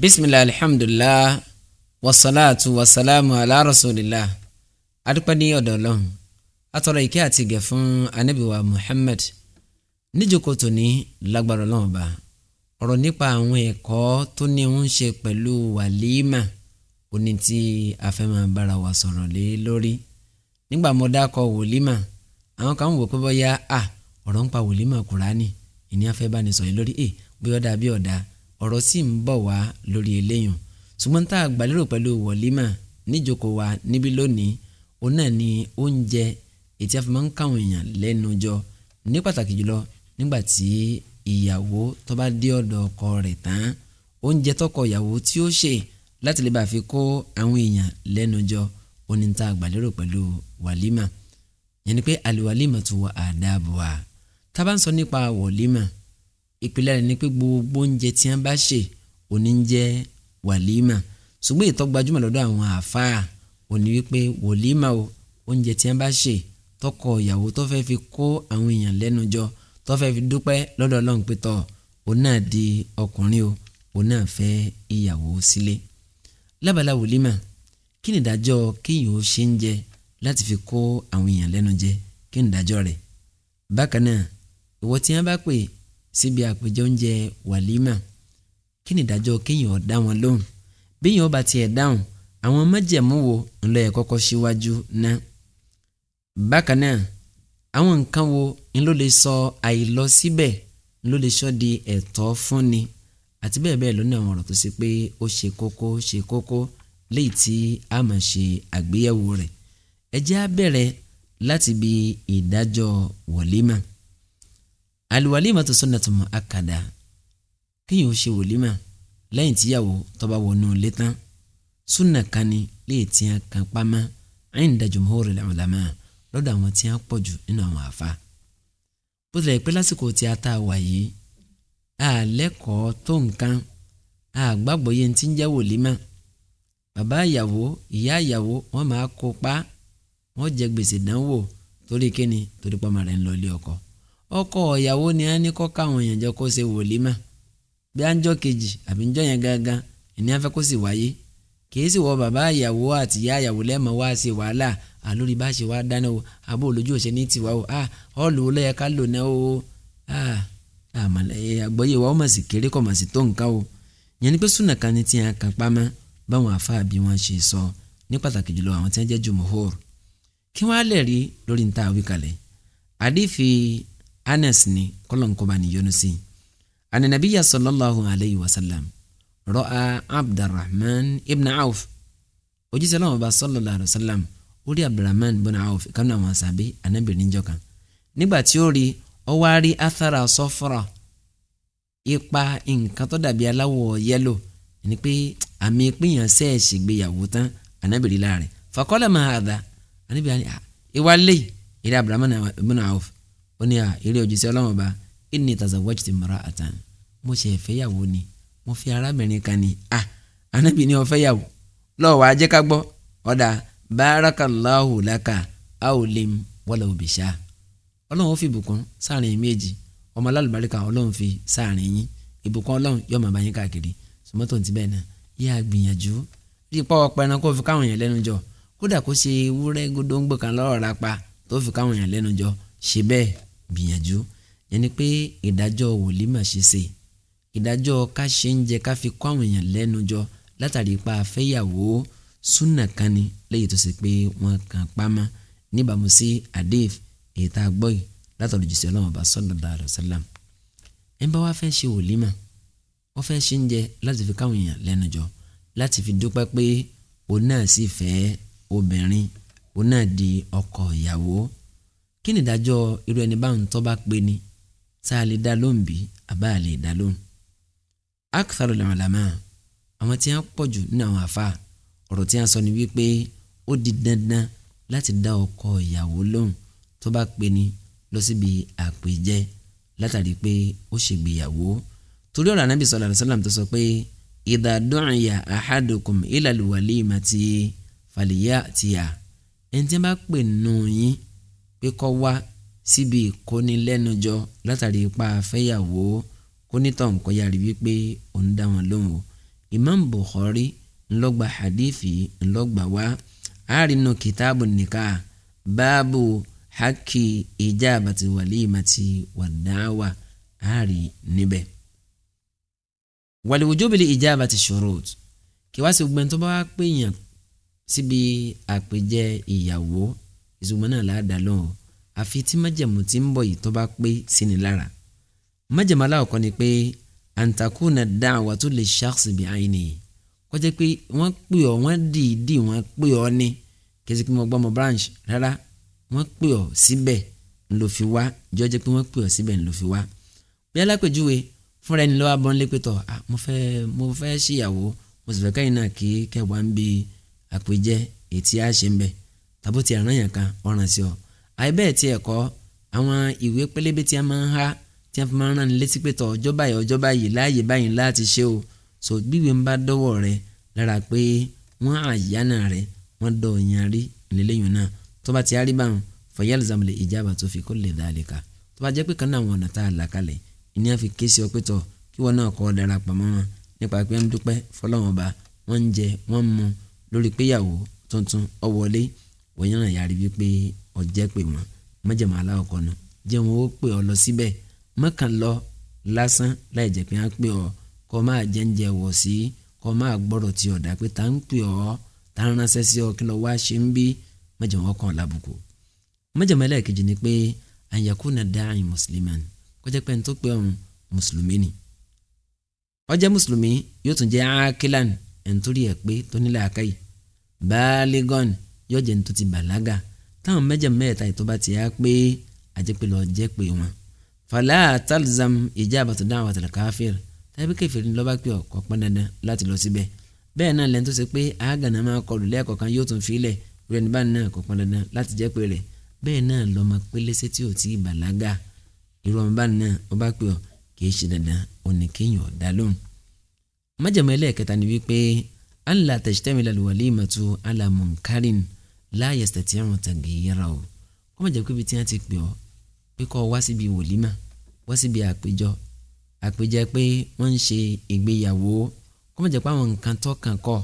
bisimilahi alihamdulilah wasalaatu wasalaamu ala rasulillah adúpẹ́ni ọ̀dọ̀ ọlọ́run atọ́rọ ìkẹ́ àti ìgẹ̀ fún anabiwa muhammad níjókòó tòní lágbára ọlọ́run ọba ọ̀rọ̀ nípa àwọn ẹ̀kọ́ tó ní ń ṣe pẹ̀lú wàlíìmà oní tí a fẹ́ máa bára wa sọ̀rọ̀ lé lórí nígbà mo dákọ̀ wòlíìmà àwọn kan wò pé bọ́yá à ọ̀rọ̀ ń pa wòlíìmà kùránì ìní afẹ́ bá ní sọ̀rọ̀ lórí ẹ̀ bóyá ọ̀dà bí ọ̀dà ọ̀rọ̀ sì ń bọ̀ wá lórí eléyìn ṣùgbọ́n tá a gbàlérò pẹ̀lú wọ̀límà níjókòó wa níbí lónìí òun náà ni oúnjẹ ètí a fi máa ń káwọn èèyàn lẹ́nu jọ ní pàtàkì jùlọ nígbà tí ìyàwó tó bá dé ọ̀dọ̀ ọkọ rẹ̀ tán oúnjẹ tọkọ ìyàwó tí ó ṣe láti lè bá fi kó àwọn èèyàn lẹ́nu jọ òní tá a gbàlérò pẹ̀lú wàlímà yẹn ni pé àlùwàlímà tó wà àdáàbò wa tá a bá ń sọ nípa wọ̀límà ìpìlẹ̀ rẹ̀ ni pé gbogbo oúnjẹ tí wọ́n bá ṣe òní ń jẹ́ wàlímà ṣùgbọ́n ìtọ́ gbajúmọ̀ lọ́dọ̀ àwọn àfáà òní wípé wòlímà o oúnjẹ tí wọ́n bá ṣe tọkọ ìyàwó tó fẹ́ fi kó àwọn èèyàn lẹ́nu jọ tó fẹ́ fi dúpẹ́ lọ́dọ̀ ọlọ́run pé tọ́ òun náà di ọkùnrin o òun náà fẹ́ ìyàwó sílé lábala wòlímà kí ni ìdájọ́ kéèyàn ó ṣe ń jẹ láti fi kó àwọn èèyàn lẹ́nu jẹ kí ni ìdájọ́ rẹ̀ bákan náà ìwọ tí wọ́n bá pè síbi àpèjẹ oúnjẹ wàlímà kí ni ìdájọ́ kéèyàn dá wọn lóhùn béèyàn bá tiẹ̀ dáhùn àwọn májẹ̀mú wo ńlọ yẹ kọ́kọ́ síwájú ná bákan náà àwọn nǹkan wo ńlọ lè sọ àìlọ síbẹ̀ ńlọ lè sọ di ẹ̀tọ́ fúnni àti bẹ́ẹ̀ bẹ́ẹ̀ lónìí àwọn ọ̀rọ̀ tó ṣe pé ó ṣe kókó ṣe kókó léyìí tí a máa ṣe àgbéyẹ̀wò rẹ̀ ẹ á bẹ̀rẹ̀ láti bi ìdájọ́ wọ̀límà al-walimatu sunnatun akada kéèyàn ó ṣe wòlímà lẹ́yìn tíyàwó tó bá wọnú ilé tán súnà kan ni léè tí a kan pamọ́ inda jumhuril ulama lọ́dọ̀ àwọn tí a pọ̀ jù nínú àwọn àfa bó tilẹ̀ pé lásìkò tí a tá a wà yìí a lẹ́kọ̀ọ́ tó nǹkan a gbàgbọ́ yẹn ti ń jẹ́ wòlímà bàbá ìyàwó ìyá ìyàwó wọ́n máa kópa wọ́n jẹ gbèsè dánwò torí kíni torí pọ́nmọ́ rẹ̀ ń lọ ilé ọkọ ọkọ ìyàwó ni a ní kọ́ káwọn èèyàn jọ kó ṣe wòlímà bí a ń jọ kejì àbí ń jọ yẹn gangan ìní afẹ́ kó sì wáyé kìí sì wọ bàbá ìyàwó àti ìyá ìyàwó lẹ́mọ̀ wá ṣe wàhálà àlórí bá ṣe wá dáná o àbó olójú òṣè ní tiwa o ah ọ́ọ̀lù olóyè ká lò náà o ah àgbọ̀yé wa ó mà sì kéré kọ̀ mà sì tó nǹkan o yẹn ni pé súnà kan ní tí a kan pamọ́ báwọn àfáà bí wọ́n ṣe sọ ní pàtàkì jùlọ àwọn tí wọ́n jẹ́ jùmọ̀hóòrò kí wọ́n á lè rí lórí níta àwíkalẹ̀ àdífi anas ni kọlọ̀nkọba níyọnu sí i ananabiya sallallahu alayhi wa sallam rọ́'a abdulrahman ibn auf òjíṣẹ́ lọ́wọ́ bá sallallahu alayhi wa sallam ó rí abdulrahman ibn auf kánú àwọn àṣàbí anábìrin níjọ kan nígbà tí ó rí ó wá rí athara sọfọrọ ipa nǹkan tó dàbí aláwọ̀ yẹ́lò ni pé àmì ìpínyàn sẹ́ẹ̀sì gbéyàwó tán anábìrin láàrin fakọ́lẹ̀ máa dà anábìrin ah, ìwà lẹ́yìn ìrẹ́ abdulrahman ibn auf ó ní à eré òjíṣẹ́ ọlọ́run ọba inni tazawwajtu imra'atan mo ṣe fẹ́yàwó ni mo fi arábìnrin kan ni à anábì ni ó fẹ́yàwó lọ́wọ́ ajẹ́ ká gbọ́ ọ̀dà bárakàláhù làkà áòlìm wọlé òbíṣà ọlọ́run ó fi ìbùkún sáàrin méjì ọmọ alálùbáríkà ọlọ́run fi sáàrin yín ìbùkún ọlọ́run yóò máa bá yín káàkiri sọmọ́tò ti bẹ́ẹ̀ náà yíyá gbìyànjú rí i pọ́ ọ̀pẹ kó fi káwọn èèyàn lẹ́nu jọ kódà kó ṣe ewúrẹ́ gbódóńgbò kan lọ́rọ̀ rapa tó fi káwọn èèyàn lẹ́nu jọ ṣe bẹ́ẹ̀ gbìyànjú yẹn ni pé ìdájọ́ wòlímà ṣe ṣe ìdájọ́ ká ṣe ń jẹ ká fi kọ́ àwọn èèyàn lẹ́nu jọ látàrí ipa afẹ́yàwó súnà kan ni lẹ́yìn tó ṣe pé wọ́n kàn pamọ́ níbàámu sí adéf èyí tá a gbọ́ yìí látọ̀dọ̀ jùsọ̀ ọlọ́run ọba sallallahu alaihi wasallam ẹ̀ bá wá fẹ́ ṣe wòlímà wọ́n fẹ́ ṣe ń jẹ láti fi káwọn èèyàn lẹ́nu jọ láti fi dúpẹ́ pé òun náà sì fẹ́ obìnrin òun náà di ọkọ ìyàwó kí ni ìdájọ́ irú ẹni báwọn tó bá pè ní tá a lè dá lóhùn bí àbá a lè dá lóhùn. akthar al-ulama àwọn tí wọ́n pọ̀ jù nínú àwọn àfa ọ̀rọ̀ tí wọ́n sọ ni wípé ó di dandan láti dá ọkọ ìyàwó lóhùn tó bá pè ní lọ síbi àpèjẹ látàrí pé ó ṣègbéyàwó torí ọ̀rọ̀ anábì sallallahu alaihi tó sọ pé idha du'iya ahadukum ila al-walimati falyatiha ẹni tí wọ́n bá pè nù yín pé kọ́ wá síbi ìkónilẹ́nujọ látàrí ipa àfẹ́yàwó kónítàn kọ́yà rí wípé òun dá wọn lóhùn o Imam Bukhari ńlọgba hadithi ńlọgba wá àárínú kìtàbù nìka báàbù haki ijabati walimati wàdáwà àárín níbẹ̀. wàlíwùjúbìlì ijabati shurut kí wá sí gbẹ̀ntọ́ bá wá pèèyàn síbi àpèjẹ ìyàwó ìṣùgbọ́n náà láàdá lọ́hùn àfi tí májẹ̀mú ti ń bọ̀ yìí tó bá pé sí ni lára májẹ̀mú aláwọ̀kọ́ ni pé àǹtakùnà dáhùn tó lè ṣàkóso bí àìní kọjá pé wọ́n pè ọ́ wọ́n dìídì wọ́n pè ọ́ ní kẹsì pé mo gbọ́ mo branch rárá wọ́n pè ọ́ síbẹ̀ ńlò fi wá jọjọ́ pé wọ́n pè ọ́ síbẹ̀ ńlò fi wá bí alápèjúwe fúnra ẹni lọ́wọ́ abọ́nlé pétọ́ mo fẹ́ mo fẹ́ ṣèyàwó mo sì fẹ́ káyìn náà kí kẹwàá ń bi àpèjẹ ètí àṣẹ ń bẹ́ẹ̀ tàbó ti àrán yàn kan ọ̀ràn sí ọ àìbẹ́ẹ̀ tiẹ̀ kọ́ àwọn ìwé pélébé tí a máa ń há tí a fi máa ń rán ni létí pé tọ ọjọ́ báyìí ọjọ́ báyìí láàyè báyìí láti ṣe o so gbígbé ń bá dọ́wọ́ rẹ lára pé wọ́n àyànà rẹ wọ́n dọ̀ yàn rí níléyìn náà tó bá ti á rí báwọn fọyẹ́lì zambale ìjábà tó fi kó lè dá àlè ká tó bá jẹ́ pé kan náà àwọn ọ̀nà tá a là kalẹ̀ ìní àfi ké sí ọ pé tọ kí wọn náà kọ́ darapọ̀ mọ́ wọn nípa pé ń dúpẹ́ fọlọ́wọn ọba wọ́n ń jẹ wọ́n ń mu lórí péyàwó tuntun ọ̀wọ́lé wọ́n yàn yàrá wípé ọ̀jẹ́ pè wọ́n mọ́jàmọ́ aláwọ̀kọ́ nu jẹ́ wọn ó pè ọ lọ síbẹ̀ mọ́kàn lọ lásán láì jẹ́ pé wọ́n pè ọ kọ́ máa jẹ́ǹjẹ́ wọ̀ sí kọ́ máa gbọ́rọ̀ tí ọ̀dà pé tá ń pè ọ tá ń ránṣẹ́ sí ọ kí lọ wá ṣe ń bí mọ́jàmọ́ kan lábùkù mọ́jàmọ́ ẹlẹ́ẹ̀kejì ni pé àyàkúnà dáhìn mùsùlùmí kọjá pé ní tó pé ọ̀hún mùsùlùmí ni ó mùsùlùmí yóò tún jẹ́ ákílán ẹ̀ ń torí ẹ̀ pé tó nílẹ̀ àkàyè báálígọ́nì yóò jẹ́ ní tó ti bàlágà táwọn mẹ́jọ mẹ́ta ètò bá ti á pé àjẹpẹ́lẹ́ ọ̀jẹ́ pé wọn. fàlà talzam ìjà àbàtò dáhùn àwọn àtàlẹ́ káfíìr tàbí kẹfìrì ni lọ́ba pé ọ̀kọ́ pọ́n dandan láti lọ síbẹ̀ bẹ́ẹ̀ náà lẹ́nu tó ṣe pé àágànà máa kọlù lẹ́ẹ̀kọ̀ kan yóò tún fílẹ̀ rẹ̀ níbà náà kò pọ́n dandan láti jẹ́ pé rẹ̀ bẹ́ẹ̀ náà lọ́mọ pélésẹ́ tí ò tí ì bàlágà irú ọmọ bá náà ó bá pè láàyè ṣètì ẹ̀rùn tàgéyìíra o kọ́ mọ̀ jẹ́ pé ibi tí wọ́n ti pè ọ́ pé kọ́ wá síbi wòlímà wá síbi àpéjọ àpéjọ pé wọ́n ń ṣe ìgbéyàwó kọ́ mọ̀ jẹ́ pé àwọn nǹkan tó kàn kọ́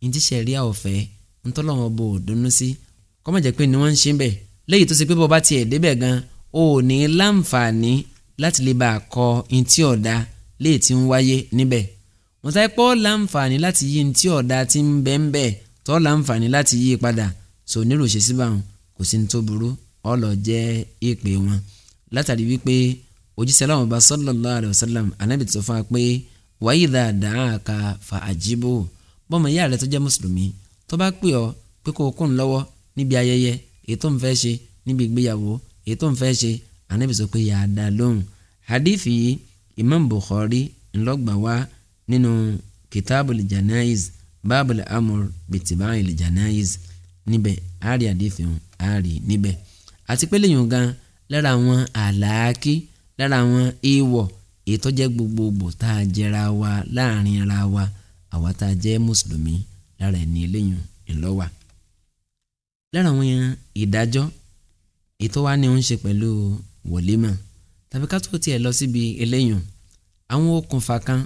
ní ti ṣẹ̀ríà ọ̀fẹ́ ń tọ́lọ́wọ́n bò ó dunnú sí kọ́ mọ̀ jẹ́ pé ni wọ́n ń ṣe ń bẹ̀ léyìí tó ṣe pé bọ́ba tiẹ̀ débẹ̀ gan o ò ní láǹfààní láti lè bá kọ ní ọ̀dà léè ti ń wáyé níbẹ̀ wọ́n sáré pọ́ láǹfààní láti yí ní ọ̀dà ti ń bẹ́ẹ̀ bẹ́ẹ̀ tọ́ láǹfààní láti yí padà so nírò ṣe sí báwọn kò sí ní tó burú ọlọ jẹ́ ìpè wọn látàrí wípé òjíṣẹ́ láwọn ọba sallallahu alayhi wa sallam anábì tó fún wa pé wa idha da'aka fa ajibu bọ́mọ ìyá rẹ tó jẹ́ mùsùlùmí tó bá pè ọ́ pé kó o kún lọ́wọ́ níbi ayẹyẹ èyí tó ń fẹ́ ṣe níbi ìgbéyàwó èyí tó ń fẹ́ ṣe anábì sọ pé yà dá lóhùn hadith yìí imam bukhari ńlọgbà wá nínú kitabul janaiz babul amur bitibail janaiz níbẹ̀ á rí àdéhùn á rí níbẹ̀ àti pé lẹ́yìn gan lára àwọn àlàákí lára àwọn èèwọ̀ ètò jẹ́ gbogbogbò tá a jẹra wa láàrin ara wa àwa tá a jẹ́ mùsùlùmí lára ẹni eléyìn ńlọ́wà. lára àwọn ìdájọ́ ètò wa ni ó ń ṣe pẹ̀lú wòlímà tàbí ká tó tiẹ̀ lọ síbi eléyìn àwọn okùnfà kan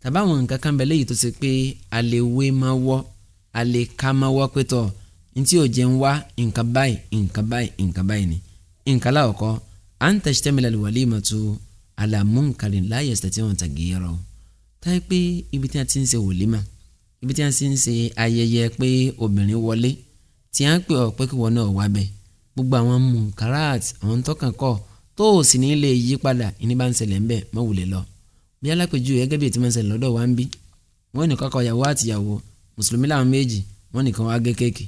tàbí àwọn nǹkan kan bẹ̀ léyìí tó ṣe pé a wé máa wọ́ a ká máa wọ́ pé ntí ò jẹ́ ń wá nǹkan báyìí nǹkan báyìí nǹkan ni nǹkan láwọ̀kọ́ anta ń tẹ̀sítẹ́ mi lẹ́nu wàlẹ́ ìmọ̀ tó àlàmúnkàlì láyé ẹ̀sítẹ́ tí wọ́n tàgé yẹrọ táyé pé ibi tí a ti ń ṣe wòlímà ibi tí a ti ń ṣe ayẹyẹ pé obìnrin wọlé tí a ń pè ọ́ pé kí wọn náà wá bẹ́ẹ̀ gbogbo àwọn munkarat àwọn tọkàn kọ tó o sì ní lè yí padà ìní bá ń ṣẹlẹ̀ ń bẹ̀ mọ́ lọ bí alápèjú gẹ́gẹ́ bí ètí máa ń ṣẹlẹ̀ lọ́dọ̀ wa ń bí wọ́n ní kọ́kọ́ yàwó àtìyàwó mùsùlùmí làwọn méjì wọ́n nìkan wá gé kéèkì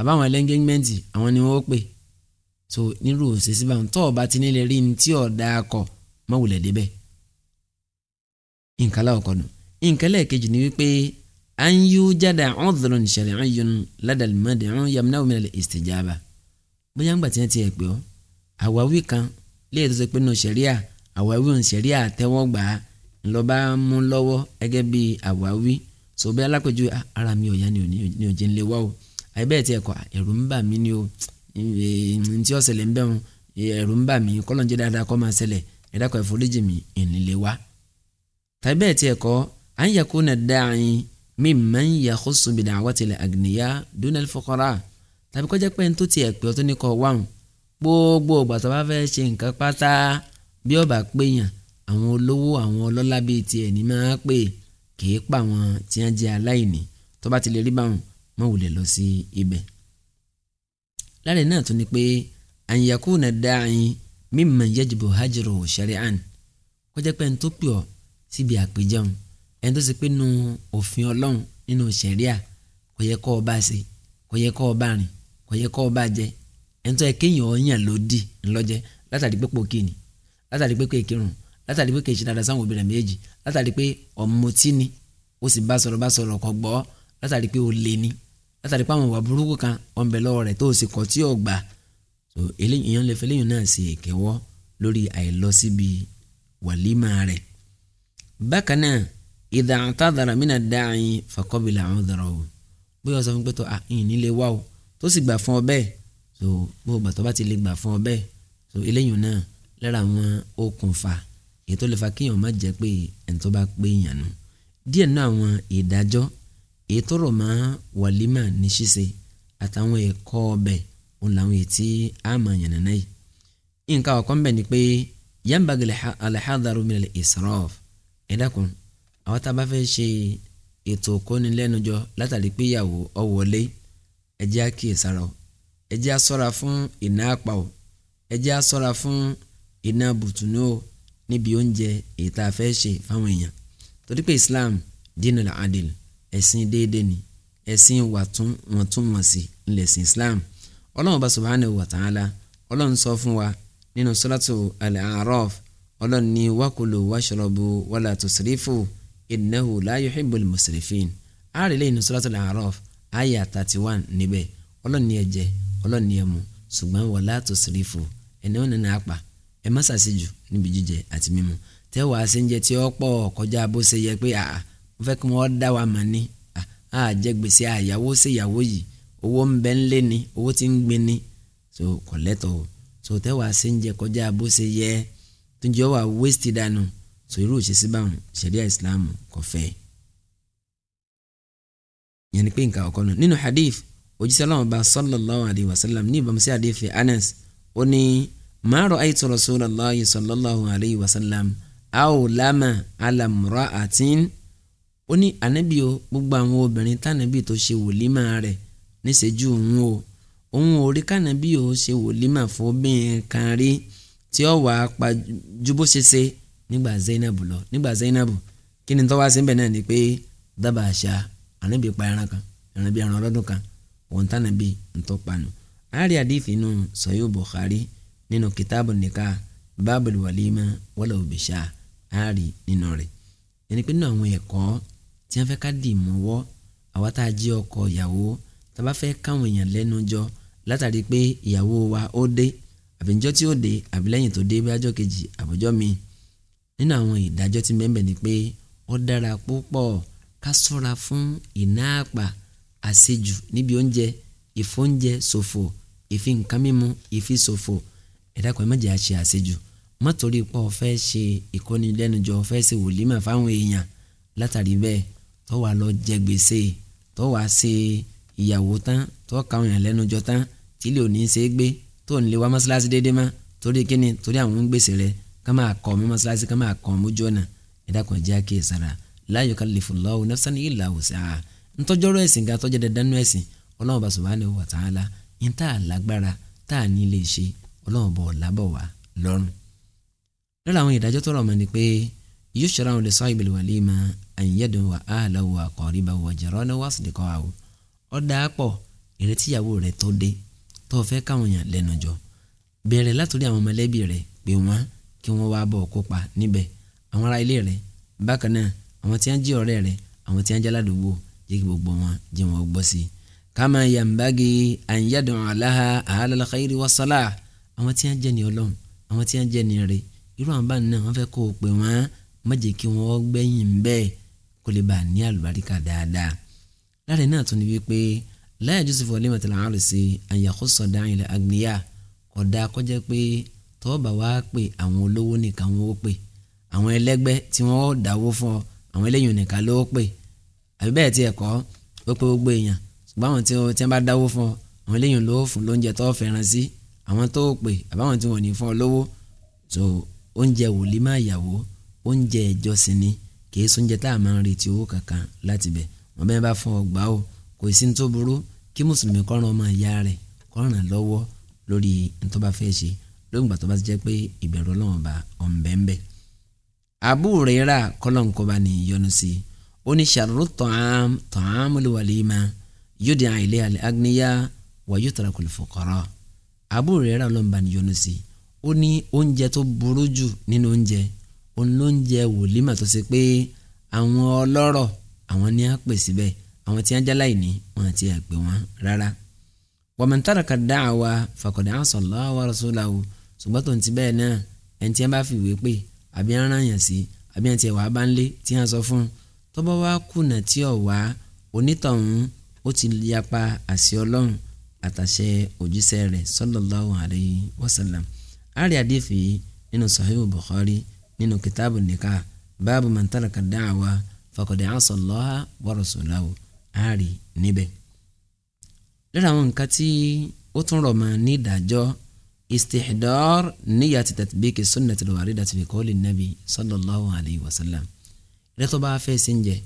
àbáwọn ẹlẹ́ngẹ́gmẹ́ǹtì àwọn ni wọ́n pè so nírú òṣèṣì bá ń tọ́ ọba tí nílẹ̀ rí ní tí ọ̀dà akọ mọ̀wùlẹ̀ débẹ̀ nǹkan láwọ̀ kọ́nù nǹkan ni wípé an yú jáde ọ̀dọ̀rọ̀ nìṣẹ̀lẹ̀ ayọ̀nù ládàlmọ́dẹ̀ ọ̀hún yamuna omi nàlẹ̀ ìsìtìjàba bóyá ń gbà tí wọ́n ti ẹ̀ pé ọ́ àwáwí kan léyìí tó ṣe pé nù sẹ̀ríà àwáwí òun sẹ̀ríà tẹ́wọ́ gbà á ńlọba mú lọ́wọ́ gẹ́gẹ́ bí àwáwí so bí alákòjú ah, ara mi ò yá ni ò ńlẹ̀ wá o àyẹ̀bẹ̀ tiẹ̀ kọ́ ẹ̀rù ń bà mí ni o ntí ó ṣẹlẹ̀ ń bẹ̀ wọn ẹ̀rù ń bà mí kọ́lọ́njẹ́ dáadáa kọ́ máa ṣẹlẹ̀ ẹ̀dá ẹ̀fọ́lẹ́jì mi ìnìlẹ̀ wa. tàbí tiẹ̀ kọ́ à ń yàkó na dáhìn mi máa ń yàkó sùnbìdà àwọn tilẹ̀ àgìnìyà dúnàlì fọkọ́rà tàbí kọjá pé ntó tiẹ̀ pé ọtún ní kọ́ wáhùn gbogbo ìgbà tó bá fẹ́ ṣe nǹkan pátá bí ó bá péyàn àwọn olówó àwọn ọlọ́lá bíi tiẹ̀ ní má wulẹ̀ lọ sí ibẹ̀. lára náà tún ni pé àyàkú na dáhìn mímọ yẹjibọ hajiro shari'an kọjá pé ẹni ọ síbi àpèjẹun ẹni tó ṣe pé nu òfin ọlọ́run nínú sharia kò yẹ kọ́ ọ bá ṣe kò yẹ kọ́ ọ bá rìn kò yẹ kọ́ ọ bá jẹ ẹni tó yẹ kéèyàn ọ̀yàn ló dì ńlọ́jẹ látàrí pé pòkì ni látàrí pé kò látàrí pé kò dada sáwọn obìnrin méjì látàrí pé ọ̀mọ̀tí ni ó sì bá sọ̀rọ̀ bá sọ̀rọ̀ kò gbọ́ látàrí pé ó lé ní látàrí pé àwọn ìwà burúkú kan wọn bẹ lọ́wọ́ rẹ̀ tó o sì kọ̀ tí ò gbà so èèyàn lè fẹ́ lẹ́yìn náà sì kẹwọ́ lórí àìlọ síbi wàlímà rẹ̀ bákan náà ìdá àtàdàrà mìíràn dáhìn fàkọ́bìlà àwọn dọ̀rọ̀ o bóyá ọ̀sán pé tó à ń nílé wá o tó sì gbà fún ọ bẹ́ẹ̀ so gbogbo gbàtọ́ bá ti lè gbà fún ọ bẹ́ẹ̀ so eléyìí náà lára àwọn okùnfà èyí tó lè fa kéèyàn má jẹ́ pé ẹni bá pé èèyàn díẹ̀ náà àwọn ìdájọ́ ètò rọ̀ mọ́ wàlímà ní ṣíṣe àtàwọn ẹ̀kọ́ ọbẹ̀ òun làwọn ètí àmọ̀ yànnàná yìí nǹkan ọ̀kọ́ ń bẹ̀ ni pé yambagi alahadaru min israf ẹ dákun àwọn tá a bá fẹ́ ṣe ètò kónilẹ́nujọ látàrí pé ìyàwó ọ wọlé ẹ jẹ́ á kíyèsára o ẹ jẹ́ á sọ́ra fún ìná apá o ẹ jẹ́ fún iná bùtùnú o níbi oúnjẹ èyí tá ṣe fáwọn èèyàn torí pé Islam dínú al-adil ẹ̀sìn déédéé ni ẹ̀sìn wàtún wọ̀ntúnwọ̀nsì ńlẹ̀sìn Islam ọlọ́run bá subhanahu wa ta'ala ọlọ́run sọ fún wa nínú suratu Al-A'raf ọlọ́run ní wakulu washrabu wala tusrifu innahu la yuhibbul musrifin àárẹ̀ lẹ́yìn suratu Al-A'raf àyà 31 níbẹ̀ ọlọ́run ní ẹ jẹ ọlọ́run ní ẹ mu ṣùgbọ́n wala tusrifu ẹni wọn nana apà ẹ má ṣàṣejù níbi jíjẹ àti mímu tẹ́wàá ṣe ń jẹ tí ó pọ̀ kọjá bó ṣe yẹ pé àà mo fẹ́ kí wọ́n dá wa mà ní à jẹ́ gbèsè àyàwó séyàwó yìí owó ń bẹ ń lé ni owó ti ń gbin ni so kọ̀lẹ́tọ̀ o so tẹ́wàá ṣe ń jẹ kọjá bó ṣe yẹ tó ń jẹ́ wà wéṣítì dànù so irú òṣèṣì báwọn ṣẹ̀ríà Islam kò fẹ́ yẹn ni pé nǹkan ọkọ nù nínú hadith òjíṣẹ́ Ọlọ́run bá sallallahu alayhi wa sallam ní ìbámu sí hadith Anas ó ní ma ra'aytu Rasulallahi sallallahu alayhi wa sallam aw lama ala imra'atin ó ní ànábì o gbogbo àwọn obìnrin tànábì tó ṣe wòlímà rẹ̀ níṣẹ́jú òun o òun ò rí kànábì o ṣe wòlímà fún obìnrin kan rí tí ó wàá pa ju bó ṣe ṣe nígbà Zainab lọ nígbà Zainab kí ni tó wá sí bẹ̀ náà ni pé dábàá àṣà ànábì pa ẹran kan ẹran bíi ẹran ọlọ́dún kan òun tànábì ń tó panu àárí àdìfì inú sọ̀yọ́ Bukhari nínú kìtàbù nìka bábùlù wàlímà wọ́lọ̀ òbíṣà àárí nínú rẹ̀ ẹni pé nínú àwọn ẹ̀kọ́ tí wọ́n fẹ́ ká dì mú wọ́ àwa tá a jí ọkọ ìyàwó tá a bá fẹ́ káwọn èèyàn lẹ́nu jọ látàrí pé ìyàwó wa ó dé àbíjọ́ tí ó dé àbí lẹ́yìn tó dé bájọ́ kejì àbújọ́ mi nínú àwọn ìdájọ́ tí mẹ́mẹ́ ni pé ó dára púpọ̀ ká ṣọ́ra fún ìná àpà àṣejù níbi oúnjẹ ìfóúnjẹ ṣòfò ìfi nǹkan mímu ìfi ṣòfò ẹ̀dá kan ẹ má jẹ́ àṣe àṣejù mọ́tòrí pọ̀ fẹ́ ṣe ìkọ́nilẹ́nujọ fẹ́ ṣe wòlímà fáwọn èèyàn látàrí bẹ́ẹ̀ tó wà lọ jẹ gbèsè tó wà ṣe ìyàwó tán tó kàwọn yàn lẹ́nu jọ tán tílé òní ṣe é gbé tó ń lé wá mọ́ṣáláṣí déédéé má torí kíni torí àwọn gbèsè rẹ ká máa kọ́ mi mọ́ṣáláṣí ká máa kọ́ mójú ọ̀nà ẹ̀dá kan jẹ́ àkíyè sára la yukallifullahu nafsan illa wus'aha ntọ́jọ́rọ́ ẹ̀sìn ga tọ́jọ́ dandanú ẹ̀sìn ọlọ́run bá subhanahu wa ta'ala ń tà lágbára tà ní lè ṣe ọlọ́run bọ̀ lábọ̀ wá lọ́rùn. lọ́la àwọn ìdájọ́ tọrọ mọ́ ni pé yushra'u li sahibil walima an wa qaribahu wa jaranahu wa asdiqahu ó dáa pọ̀ ìrètíyàwó rẹ̀ tó dé tó fẹ́ káwọn yàn lẹ́nu jọ bẹ̀rẹ̀ látòrí àwọn mọ̀lẹ́bí rẹ̀ pé wọ́n kí wọ́n wá bọ̀ kópa níbẹ̀ àwọn ará ilé rẹ̀ bákan náà àwọn tí wọ́n jẹ́ ọ̀rẹ́ rẹ̀ àwọn tí wọ́n jẹ́ aládùúgbò jẹ́ kí gbogbo wọn jẹ́ wọn gbọ́ sí kama yambagi anyadun alaha ahalalakairi wasala àwọn tí wọ́n jẹ́ ni ọlọ́run àwọn tí wọ́n jẹ́ ni rẹ̀ irú àwọn báyìí náà wọ́n fẹ́ kó o pè wọ́n má jẹ́ kí wọ́n gbẹ̀yìn bẹ́ẹ̀ kó lè bá a ní àlùbáríkà dáadáa lára náà tún ni wípé láyà joseph olimata làwọn ṣe àyàkó sọdá agniya ọ̀dà kọjá pé tọ́ọ̀bà wá pé àwọn olówó nìkan wọ́n pè àwọn ẹlẹ́gbẹ́ tí wọ́n dáwó fún ọ àwọn eléyìí nìkan ló pè àbí bẹ́ẹ̀ tí ẹ̀kọ́ ó pé gbogbo èèyàn ṣùgbọ́n àwọn tí wọ́n bá dáwó fún ọ àwọn eléyìí ló fún lóúnjẹ tó fẹ́ràn sí àwọn tó pè àbáwọn tí wọ́n ní fún ọ lówó tó oúnjẹ wòlímọ̀ àyàwó oúnjẹ ìjọsìn ni kìí sóúnjẹ tá a máa ń retí owó kankan láti bẹ̀ wọ́n bẹ́ẹ̀ bá fún ọ gbà ó kò sí ní tó burú kí mùsùlùmí kọ́ran ọmọ ìyá rẹ̀ kọ́ran lọ́wọ́ lórí ntọ́ fẹ́ ṣe lóògbà tó bá ti jẹ́ pé ìbẹ̀rù ọlọ́run bá ọ̀nbẹ́ńbẹ́. Abu Huraira kọ́lọ́nkọ́ba ní yọnu sí i ó ní sàrúrú tọ̀ám tọ̀ámúlù walima yóò di àìlẹ́ agniya wà yóò tara kùlù fuqara. Abu Huraira ọlọ́mba ní yọnu sí i ó ní oúnjẹ tó burú jù nínú oúnjẹ òun ló ń jẹ wòlímà tó ṣe pé àwọn ọlọ́rọ̀ àwọn ni a pè síbẹ̀ àwọn tí a jálá ìní wọn àti àgbè wọn rárá. wọ́n tàrà ká dá àwa fàkọ̀dá àṣọlọ́ àwa rọ̀ṣọ́lá o ṣùgbọ́n tó ń ti bẹ́ẹ̀ náà ẹni tí a bá fìwé pé àbí a rán yàn sí àbí àti ẹ̀wà bá ń lé tí a sọ fún un tó wá kùnà tí ò wá onítọ̀hún ó ti yapa àṣẹ ọlọ́run àtàṣẹ òjíṣẹ́ rẹ̀ sallallahu nínú kìtàbù nìka báàbù mọ̀ntàràkà dáhàwá faqad asa Allaha wa rasulahu àárí níbẹ̀. lọ́dọ̀ àwọn nǹkan tí ó tún rọ̀ mọ́ ní ìdájọ́ istihdar níyàtì tatbiki sunnati al-waridati fi qawli nabi sallallahu alayhi wa sallam rẹ́tọ́ bá fẹ́ sí ń jẹ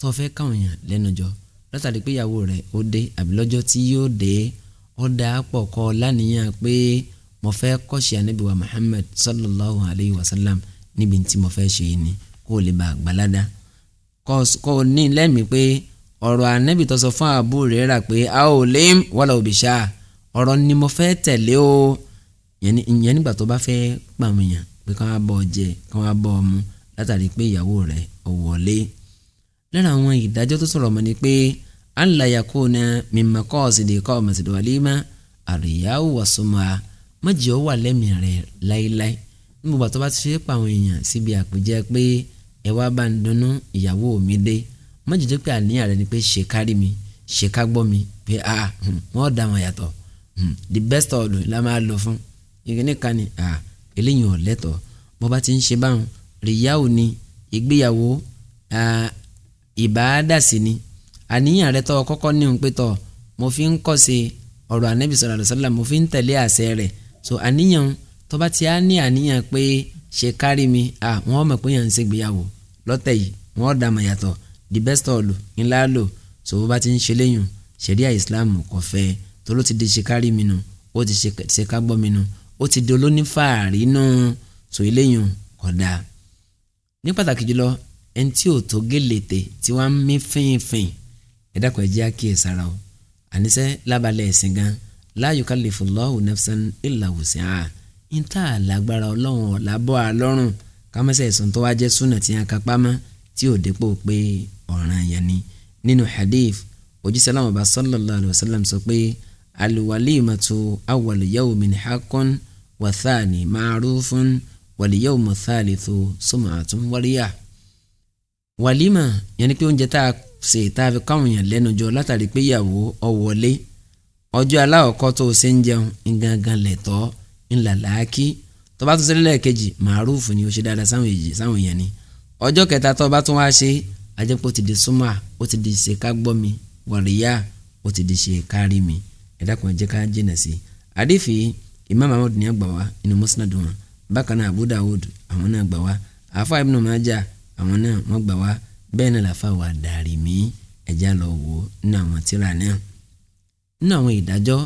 tó fẹ́ káwọn yàn lẹ́nu jọ látàrí pé ìyàwó rẹ̀ ó dé àbí lọ́jọ́ tí yóò dé ó dá pọ̀ kọ́ láníyàn pé mo fẹ́ kọ́ṣe ànábìwá Muhammad sallallahu alayhi wa níbi tí mo fẹ́ ṣe ni kó o lè bá àgbàládá kó o ní lẹ́mìí pé ọ̀rọ̀ ànábì tó sọ fún àbú rẹ̀ rà pé a ò lè wọ́lá òbí ṣá ọ̀rọ̀ ni mo fẹ́ tẹ̀lé o ìyẹn nígbà tó bá fẹ́ pàmìyàn pé káwọn abọ́ jẹ káwọn abọ́ mu látàrí pé ìyàwó rẹ̀ ò wọlé lára àwọn ìdájọ́ tó sọ̀rọ̀ mọ́ ni pé alayako na mímakọ́ ọ̀sìndìkọ́ ọ̀mọ̀sìndìwálé má àríyáwó wàsùnmọ́ a má ó wà lẹ́mìí rẹ̀ láéláé nígbà tó bá ti ṣe é pa àwọn èèyàn síbi àpèjẹ pé ẹ wá bá ń dunnú ìyàwó mi dé má jẹ́ pé àníyàn rẹ ni pé ṣe kárí mi ṣe ká gbọ́ mi pé ah wọ́n dà wọ́n yàtọ̀ the best ọ̀dù la máa lọ fún ìgbìnní kan ni ah eléyìí ò lẹ́tọ̀ bó bá ti ń ṣe báwọn rìyáwó ni ìgbéyàwó ìbáàdàsí ni àníyàn rẹ tọ́ kọ́kọ́ ní òun pé tọ́ mo fi ń kọ́ sí ọ̀rọ̀ ànábì sallallahu mo fi ń tẹ̀lé àṣẹ rẹ̀ so àníyàn tó bá ti á ní àníyàn pé ṣe kárí mi à wọ́n mọ̀ pé yàn ń ṣègbéyàwó lọ́tẹ̀ yìí wọ́n dà mọ̀ yàtọ̀ the best of all ńlá lò tó bá ti ń ṣe léyìn ṣẹ̀ríà Islam kò fẹ́ tó ló ti di ṣe kárí mi nu ó ti ṣe ká gbọ́ mi nu ó ti di olónífàárí nù tó eléyìn kò dáa ní pàtàkì jùlọ ẹni tí ò tó gélètè tí wọ́n á mí fínfín ẹ̀dá kan jẹ́ àkíyèsára o àníṣe lábalẹ̀ ẹ̀sìn gan la yukallifu Allahu nafsan illa wus'aha níta lágbára ọlọ́run ọ̀làbọ̀ àlọ́run kámẹ́sẹ̀ ẹ̀sùn tó wá jẹ́ súnà tí a kápá mọ́ tí ò dépò pé ọ̀ràn yẹn ni nínú hadith òjíṣẹ́ láwọn bá sallallahu alayhi wa sallam sọ pé alwalimatu awwalu yawmin haqqun wa thani ma'rufun wal yawmu thalithu sum'atun wa riyah wàlímà yẹn ni pé oúnjẹ tá a ṣe tá a fi káwọn èèyàn lẹ́nu jọ látàrí pé ìyàwó ó wọlé ọjọ́ aláwọ̀kọ́ tó o ṣe ń jẹun gangan lẹ̀tọ́ ńlá làákì tó bá tún ṣe lẹ́ẹ̀kejì màrúfù ni ó ṣe dáadáa sáwọn èyí sáwọn èèyàn ni ọjọ́ kẹta tó bá tún wá ṣe ajẹ́pọ̀ ti di súnmọ́ ó ti di ṣe ká gbọ́ mi wọ̀rìyá ó ti di ṣe ká rí mi ẹ̀dá kan ká jìnà sí i àdìfì Imam Ahmad ní àgbà wa inú Musnad wọn bákan náà Abu Dawud àwọn náà gbà wá àfa Ibn Majah àwọn náà wọ́n gbà wá náà làfa wà dàrí mi ẹ̀já lọ wò nínú àwọn tíra náà nínú àwọn ìdájọ́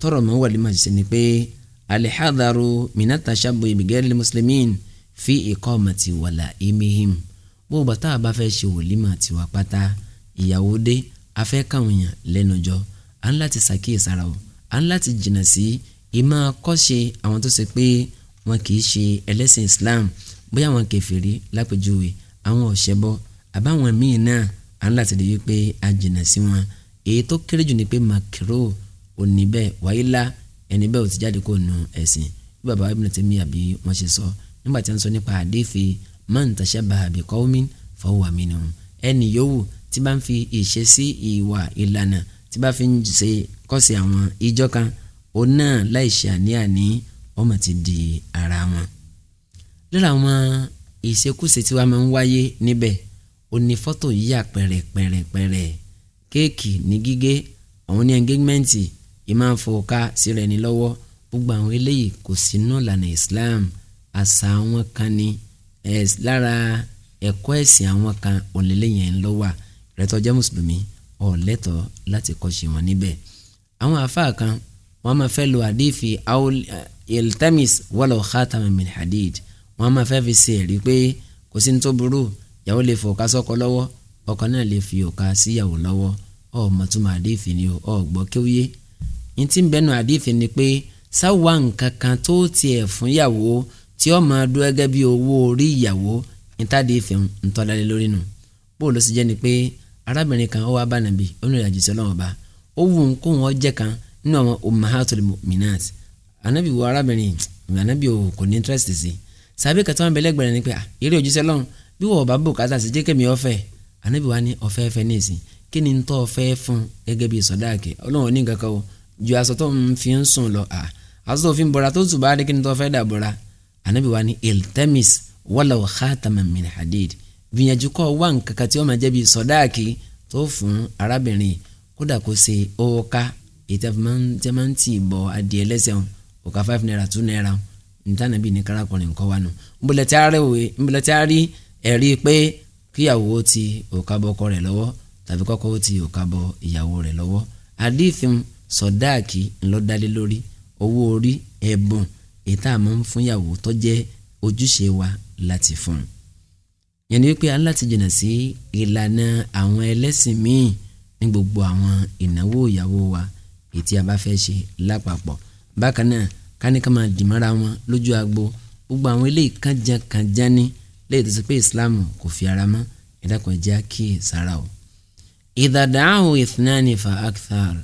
tọrọ mọ́ wàlímọ̀ ṣiṣẹ́ ni pé alihadaru minata sabo ibigẹ́lì muslimin fi iqamati wàlà imihim bó bàtà bá fẹ́ ṣe wòlímà tiwa pátá ìyàwó dé afẹ́ káwọn yàn lẹ́nu jọ à ń láti ṣàkíyèsí ara o à ń láti jìnnà sí ìmọ̀ akọ́ṣe àwọn tó ṣe pé wọn kì í ṣe ẹlẹ́sìn Islam bóyá àwọn kèfèrí lápèjúwe àwọn ọ̀ṣẹ́bọ àbáwọn míì náà à ń láti rí i pé a jìnnà sí wọn èyí tó kéré jù ni pé makiro ò bẹ́ẹ̀ wáyé la ẹni bẹ́ẹ̀ ò ti jáde kó nu ẹ̀sìn bí baba Ibn Taymiyyah àbí wọ́n ṣe sọ nígbà tí wọ́n sọ nípa àdéfì man tashabbaha bi qawmin fahuwa minhum ẹni yòówù tí bá ń fi ìṣesí ìwà ìlànà tí bá fi ń ṣe kọ́sì àwọn ìjọ kan òun náà láì ṣe àníàní ọmọ ti di ara wọn. lára àwọn ìṣekúṣe tí wàá máa ń wáyé níbẹ̀ ò ní fọ́tò yíyà pẹ̀rẹ̀ kéèkì ní gígé àwọn ní ẹngéjìmẹ́ǹtì ìmáa fòkà síra ẹni lọ́wọ́ gbogbo àwọn eléyìí kò sínú ìlànà Islam àṣà àwọn kan ni lára ẹ̀kọ́ ẹ̀sìn àwọn kan òlélẹ́yìn ń lọ́wọ́ rẹ̀tọ́ jẹ́ mùsùlùmí ò lẹ́tọ̀ọ́ láti kọ́ṣe wọn níbẹ̀ àwọn àfáà kan wọ́n máa fẹ́ lo àdéfì aul eh, iltamis walaw khataman min hadid wọ́n máa fẹ́ fi ṣe ẹ̀rí pé kò sí ní tó burú ìyàwó lè fòkà sọ́kọ lọ́wọ́ ọkọ náà lè fi òkà síyàwó lọ́wọ́ ọ̀ mọ̀túnmọ̀ àdéfì ni ọ̀ gbọ́ kéwúyé yín tí ń bẹnu àdìfẹ́ ni pé sáwà nǹkan kan tó tiẹ̀ fún ìyàwó tí ó máa dún gẹ́gẹ́ bí owó orí ìyàwó yín tá àdìfẹ́ ń tọ́lálé lórí nù bó ló sì jẹ́ ni pé arábìnrin kan ó wá bá nàbì onírìnàjò sí ọlọ́run ọba ó wù ń kó wọn jẹ́ kan nínú àwọn ummahatul mu'minat anabi wo arábìnrin anabi ò kò ní interest sí sàbí kẹtọ́ wọn bẹ̀lẹ́ gbẹ̀rẹ̀ ni pé eré òjíṣẹ́ lọ́run bí wọ́n bá bùkátà sí jẹ́kẹ̀mí ọ̀fẹ́ anabi wa ni ọ̀fẹ́ fẹ́ ní ìsìn kí ni ń tọ́ ọ̀fẹ́ fún gẹ́gẹ́ bí sọ̀dáàkì ọlọ́run ò ní nǹkan kan o ju aṣọ tó ń fi ń sùn lọ à aṣọ tó fi bọ̀ra tó tù bá rí tó fẹ́ dà bọ̀ra ànábì wa ni iltemis walaw khataman min hadid gbìyànjú kọ́ wá nǹkan kan tí ó máa jẹ́ bíi sọ̀dáàkì tó fún arábìnrin kódà kó ṣe òòka ìtẹ́ máa ń tì bọ̀ adìẹ lẹ́sẹ̀ wọn òòka five naira two naira nítànà bíi ní kárakùnrin nǹkan wa nù nbọ̀lẹ̀ tí a rí ẹ̀rí pé kíyàwó ti òòka bọ ọkọ rẹ̀ lọ́wọ́ tàbí kọ́kọ́ ti òòka bọ ìyàwó rẹ̀ lọ́wọ́ àdìfín sọdáàkì ńlọdálé lórí owó orí ẹ̀bùn èyí tá a máa ń fúnyàwó tó jẹ́ ojúṣe wa láti fún un yẹn ni wípé a ń láti jìnnà sí ìlànà àwọn ẹlẹ́sìn míì ní gbogbo àwọn ìnáwó ìyàwó wa èyí tí a bá fẹ́ ṣe lápapọ̀ bákan náà káníkà máa dìmọ́ra wọn lójú agbo gbogbo àwọn eléyìí kànjàkànjà ni lẹ́yìn tó ṣe pé Islam kò fi ara mọ́ ìdákan kí sára o. ìdàdàáhùn ìfúnnáni fa akthar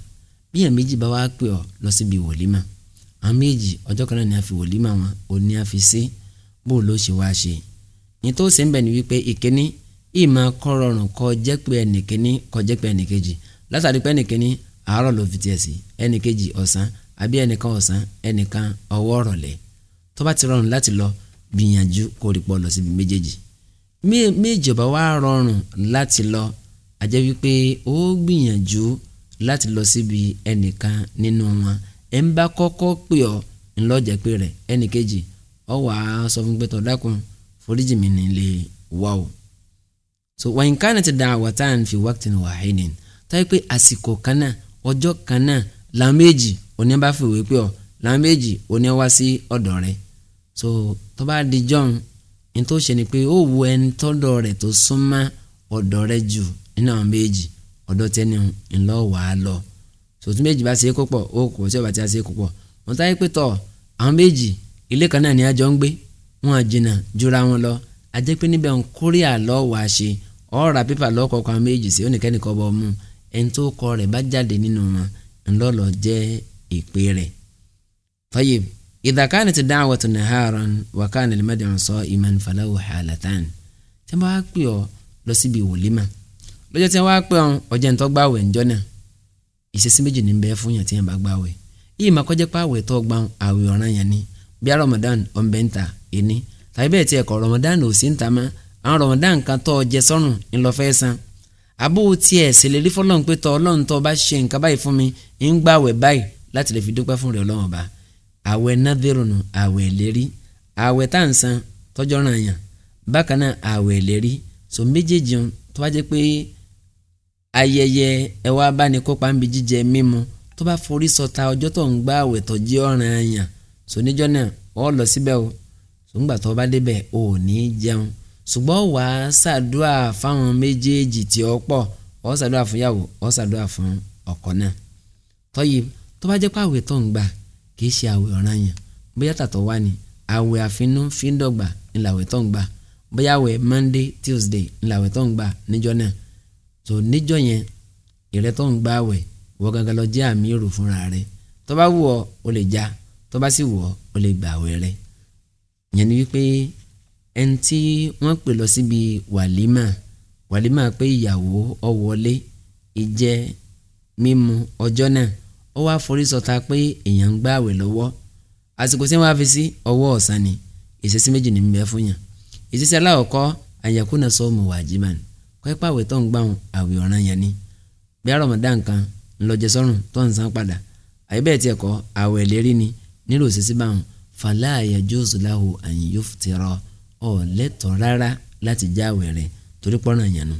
bí èèyàn méjì bá wá pè ọ lọ síbi wòlímà àwọn méjì ọjọ́ kan náà ni a fi wòlímà wọn òní a fi ṣe bó ló ṣe wá ṣe yìí tó ṣe ń bẹ̀ ni wípé ìkíní ìmọ̀ kọ́rọ̀rùn kó jẹ́ pé ẹnìkíní kó jẹ́ pé ẹnìkejì látàrí pé ẹnìkíní àárọ̀ ló fi tiẹ̀ sí ẹnìkejì ọ̀sán àbí ẹnìkan ọ̀sán ẹnìkan ọwọ́ ọ̀rọ̀lẹ́ tó bá ti rọrùn láti lọ gbìyànjú kó rí pọ̀ lọ síbi méjèèjì méjì ọ̀bá wa rọrùn láti lọ àjẹ́ wípé ó gbìyànjú láti lọ síbi ẹnìkan nínú wọn ẹ ń bá kọ́kọ́ pè ọ́ ńlọ́jà pé rẹ̀ ẹnì kejì ọ wà á sọ fún pé tọ́dákùn foríjì mi nílé wà o. so wàyín kánà ti da àwàtà à ń fi wákìtì ní wàhíìnì táyé pé àsìkò kan náà ọjọ́ kan náà làwọn méjì bá fìwé pé ọ làwọn méjì wá sí ọ̀dọ̀ rẹ̀ so tó bá di ní tó ṣe ni pé ó wu ẹni tọ́dọ̀ rẹ̀ tó súnmọ́ ọ̀dọ̀ rẹ̀ jù nínú àwọn méjì ọ̀dọ̀ tẹ́ni ńlọ wà á lọ sòtún méjì bá ṣe é kópọ̀ ó kò tí ọba tí a ṣe é kópọ̀ wọn táyé pé tọ̀ àwọn méjì ilé kan náà ni àjọ ń gbé wọn àjìnà jura wọn lọ ajẹ́ pé níbẹ̀ ń kórè àlọ́ wà á ṣe ọ̀ọ́ra pépà lọ́kọ̀ọ́kọ́ àwọn méjì sí oníkẹ́nìkọ́ bọ́ mú ẹni tó kọ rẹ̀ bá jáde nínú wọn ńlọ́lọ́ jẹ́ ìpè rẹ̀ tọ́yẹ̀ إذا كانت الدعوة نهارا وكان المدعو صائما فله حالتان tí a bá pè ọ́ lọ síbi wòlímà lọ́jọ́ tí wọ́n á pé ọ̀hún ọjọ́ ìtọ́ gbàwẹ̀ ńjọ́ náà ìṣesí méjì ní bẹ́ẹ̀ fún yàn tí yàn bá gbàwẹ̀ yìí máa kọ́jẹ́ pé àwẹ̀ tó gbà àwẹ̀ ọ̀ràn yẹn ni bí i Ramadan ọ̀nbẹ ń ta ẹni tàbí bẹ́ẹ̀ tí ẹ̀kọ́ Ramadan ò sí ń ta mọ́ àwọn Ramadan kan tó jẹ sọ́run ńlọfẹ́ san àbó tiẹ̀ ṣèlérí fọlọ́run pé tọ́ ọlọ́run tó bá ṣe nǹkan báyìí fún mi ń gbàwẹ̀ báyìí láti lè fi dúpẹ́ fún rẹ̀ ọlọ́run ọba àwẹ̀ nàdérònù àwẹ̀ lérí àwẹ̀ tá à ń san tọ́jọ́ ràn yàn bákan náà àwẹ̀ lérí so méjèèjì tó wá pé ayẹyẹ ẹ wá bá ní kópa ń bi jíjẹ mímu tó bá forí sọta ọjọ́ tó ń gbá àwẹ̀ tó jí ọ̀ràn àyàn sóníjọ́ náà ọ lọ síbẹ̀ o sùgbà tó bá débẹ̀ ò ní jẹun ṣùgbọ́n wà á ṣàdúrà fáwọn méjèèjì tí ó pọ̀ ọ ṣàdúrà fún yàwó ọ ṣàdúrà fún ọkọ náà tọ́yì tó bá jẹ́ pé àwẹ̀ tó ń gbà kì í ṣe àwẹ̀ ọ̀ràn àyàn bóyá tàtọ̀ wá ni àwẹ̀ àfinú fíndọ̀gbà ńlàwẹ̀ tó ń gbà bóyá àwẹ̀ Monday Tuesday ńlàwẹ̀ tó ń gbà níjọ́ náà tó níjọ́ yẹn ìrẹ́ tó ń gbà wẹ̀ wọ́ gangan lọ jẹ́ àmì èrò fúnra rẹ̀ tó bá wù ọ́ o lè já tó bá sì wù ọ́ o lè gbà wẹ̀ rẹ̀ yẹn ni wípé ẹni tí wọ́n pè lọ síbi wàlímà wàlímà pé ìyàwó ọ wọlé ìjẹ mímu ọjọ́ náà ó wá forí sọta pé èèyàn ń gbààwẹ̀ lọ́wọ́ àsìkò tí wọ́n á fi sí ọwọ́ ọ̀sán ni ìṣesí méjì ní bẹ́ẹ̀ fún yàn ìṣesí aláwọ̀kọ́ àyàkúnà sọ́ọ̀mù wàjìmá ni kọ́ẹ́pà àwẹ̀ tó ń gbà wọn àwẹ̀ ọ̀ràn yẹn ni bí Ramadan kan ńlọjẹ sọ́run tó ń san padà àyè bẹ́ẹ̀ tiẹ̀ kọ́ àwẹ̀ lérí ni nílò òṣìṣẹ́ bá wọn fàlà yajuzu lahu an yuftira ọ̀ lẹ́tọ̀ọ́ rárá láti já àwẹ̀ rẹ̀ torí pọ́nrán yẹn nu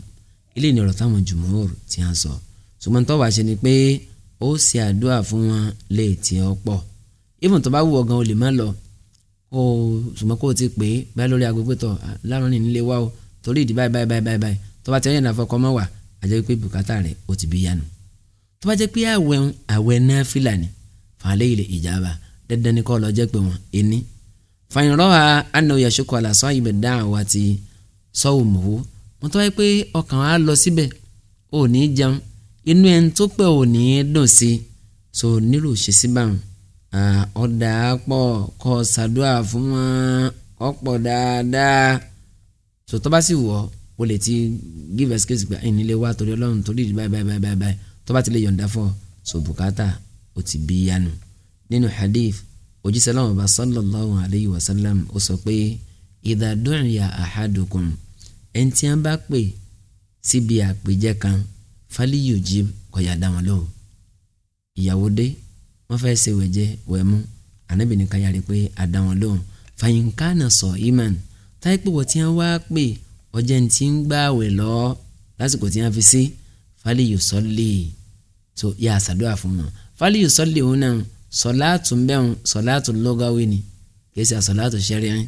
ilé ni ọ̀rọ̀ táwọn jùmọ̀ọ́r ti hàn sọ ṣùgbọ́n tó wàá ṣe ni pé ó ṣe àdúrà fún wọn lè tiẹ̀ pọ̀ even tó bá wù ọ̀gán o lè má lọ kó o ṣùgbọ́n kó o ti pè é báyìí lórí agogo tó lárùn nílé wa o torí ìdí báyìí báyìí báyìí báyìí tó bá ti ọyàn náà fọkọ mọ́ wà pé bùkátà rẹ̀ ó ti bí yánu tó bá pé àwẹ̀ ń náà fìlà ni fàálẹ́ ilẹ̀ ìjàmbá dandan ni kọ́ lọ jẹ́ pé wọ́n ẹni. fàyìnrọ́ha anna oyasoko alasọ ibẹ̀ dá àwa ti sọ́wọ́ mọ̀wó mo tọ́ pé ọkàn wa lọ síbẹ̀ ò ní jẹun inú ẹni tó pẹ́ ò ní dùn sí i so nílò ṣe sí báwọn ọ̀dà pọ̀ kọ́ ṣàdúrà fún wọn ọ̀pọ̀ dáadáa so tó bá sì wọ̀ ọ́ o lè ti give excuse pé ẹni lè wá torí ọlọ́run torí ìdí báyìí báyìí báyìí báyìí tó bá ti lè yọ̀ǹda fún so Bukata o ti bí yanu nínú hadith òjíṣẹ́ láwọn ọba sallallahu alayhi wa sallam ó sọ pé idha du'iya ahadukum ẹni tí wọ́n bá pè síbi àpèjẹ kan falyujib kó yá dá wọn lóhùn ìyàwó dé wọ́n fẹ́ ṣe wẹ̀jẹ wẹ̀mú ànábì nìkan yára pé àdá wọn lóhùn fàyínká náà sọ iman táyé pé wọ́n ti wá pè ọjẹ́ ní ti ń gbààwẹ̀ lọ lásìkò tí wọ́n fi sí fálí yóò sọ́lé tó yà àṣàdúrà fún wọn fálí yóò sọ́lé òun náà sọ̀láàtù ń bẹ̀rùn sọ̀láàtù lọ́gáwé ni kìí ṣe àsọ̀láàtù ṣẹ́rẹ́rín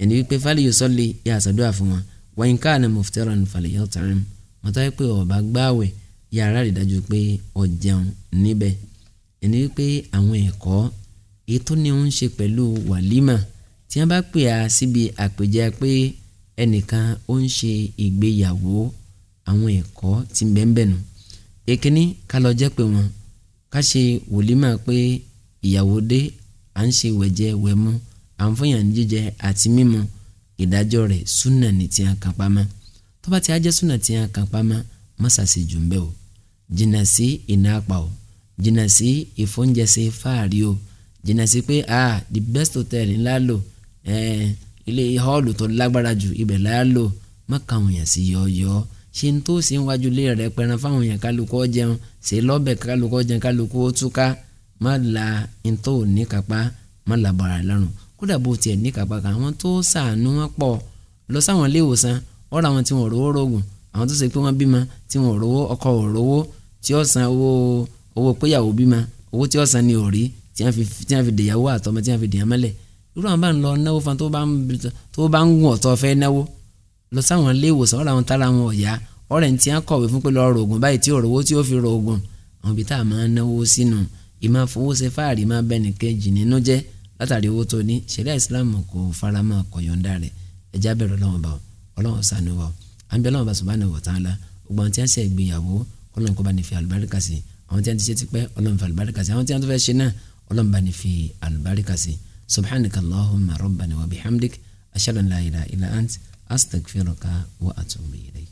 ẹni wípé fálí yóò sọ́lé yà àṣàdúrà fún wọn wọ́n ká àná mọ̀fútẹ́rọ̀ ní fálí yóò tẹ̀rẹ̀ mu wọ́n tọ́ pé ọ̀bá gbààwẹ̀ yà ara rẹ̀ dájú pé ọ̀jẹun níbẹ̀ ẹni wípé àwọn ẹ̀kọ́ èyí tó ní ń ṣe pẹ̀lú wàlímà tí wọ́n bá pè á síbi àpèjẹ pé ẹnìkan ó ń ṣe ìgbéyàwó àwọn ẹ̀kọ́ tí bẹ́ẹ̀nbẹ́ẹ̀nù èkíní ká lọ jẹ́ pé wọn ká ṣe wòlímà pé ìyàwó dé à ń ṣe wẹ̀jẹ̀ wẹ̀mú à ń fọyàn jíjẹ àti mímu ìdájọ́ rẹ̀ súnà ní tí a kàn pamọ́ tó bá ti á jẹ́ súnà tí a kàn pamọ́ mọ́sàsì jù ń bẹ́ o jìnnà sí iná apá o jìnnà sí ìfóúnjẹsẹ fáàrí o jìnnà sí pé ah the best hotel ńlá lò ẹ̀ẹ́ eh, ilé họ́ọ̀lù tó lágbára ju ibẹ̀ láyà lò má káwọn yẹn sí yọ̀ọ̀yọ̀ ṣe ń tó sí wájú lé rẹ̀ pẹran fáwọn yẹn kálukú jẹun ṣe lọ́bẹ̀ kálukú jẹun kálukú túká má la ń tó níkàpá má la bàrà lọ́rùn kódà bó tiẹ̀ níkàpá kan àwọn tó sàánú wọn pọ̀ lọ sáwọn ilé ìwòsàn ọ̀rọ̀ àwọn tí wọ́n rówó rògùn àwọn tó ṣe pé wọ́n bímọ tí wọ́n rówó ọkọ ò tí ó san owó owó péyàwó bímọ owó tí ó san ni ò tí wọ́n fi dèyàwó àtọmọ tí wọ́n fi dèyàn irú àwọn bá ń lọ náwó fan tó bá ń tó bá ń gùn ọ̀tọ̀ fẹ́ náwó lọ sáwọn ilé ìwòsàn ọ̀rọ̀ àwọn tára wọn ọ̀yá ọ̀rẹ́ ní ti á kọ̀wé fún pé lọ rògùn báyìí tí òrówó tí ó fi rògùn àwọn ibi tá a máa náwó sínú ìmáa fowó ṣe fáàrí máa bẹ nìkejì nínú jẹ́ látàrí owó tó ní ṣẹ̀ríà ìsìláàmù kò fara mọ́ kọ̀yọ̀ǹda rẹ̀ ẹja bẹ̀rẹ̀ ọlọ́wọ́n bá ọlọ́wọ́n sànú wa àbí ọlọ́wọ́n bá subhanahu bá ní fi سبحانك اللهم ربنا وبحمدك أشهد أن لا إله إلا أنت أستغفرك وأتوب إليك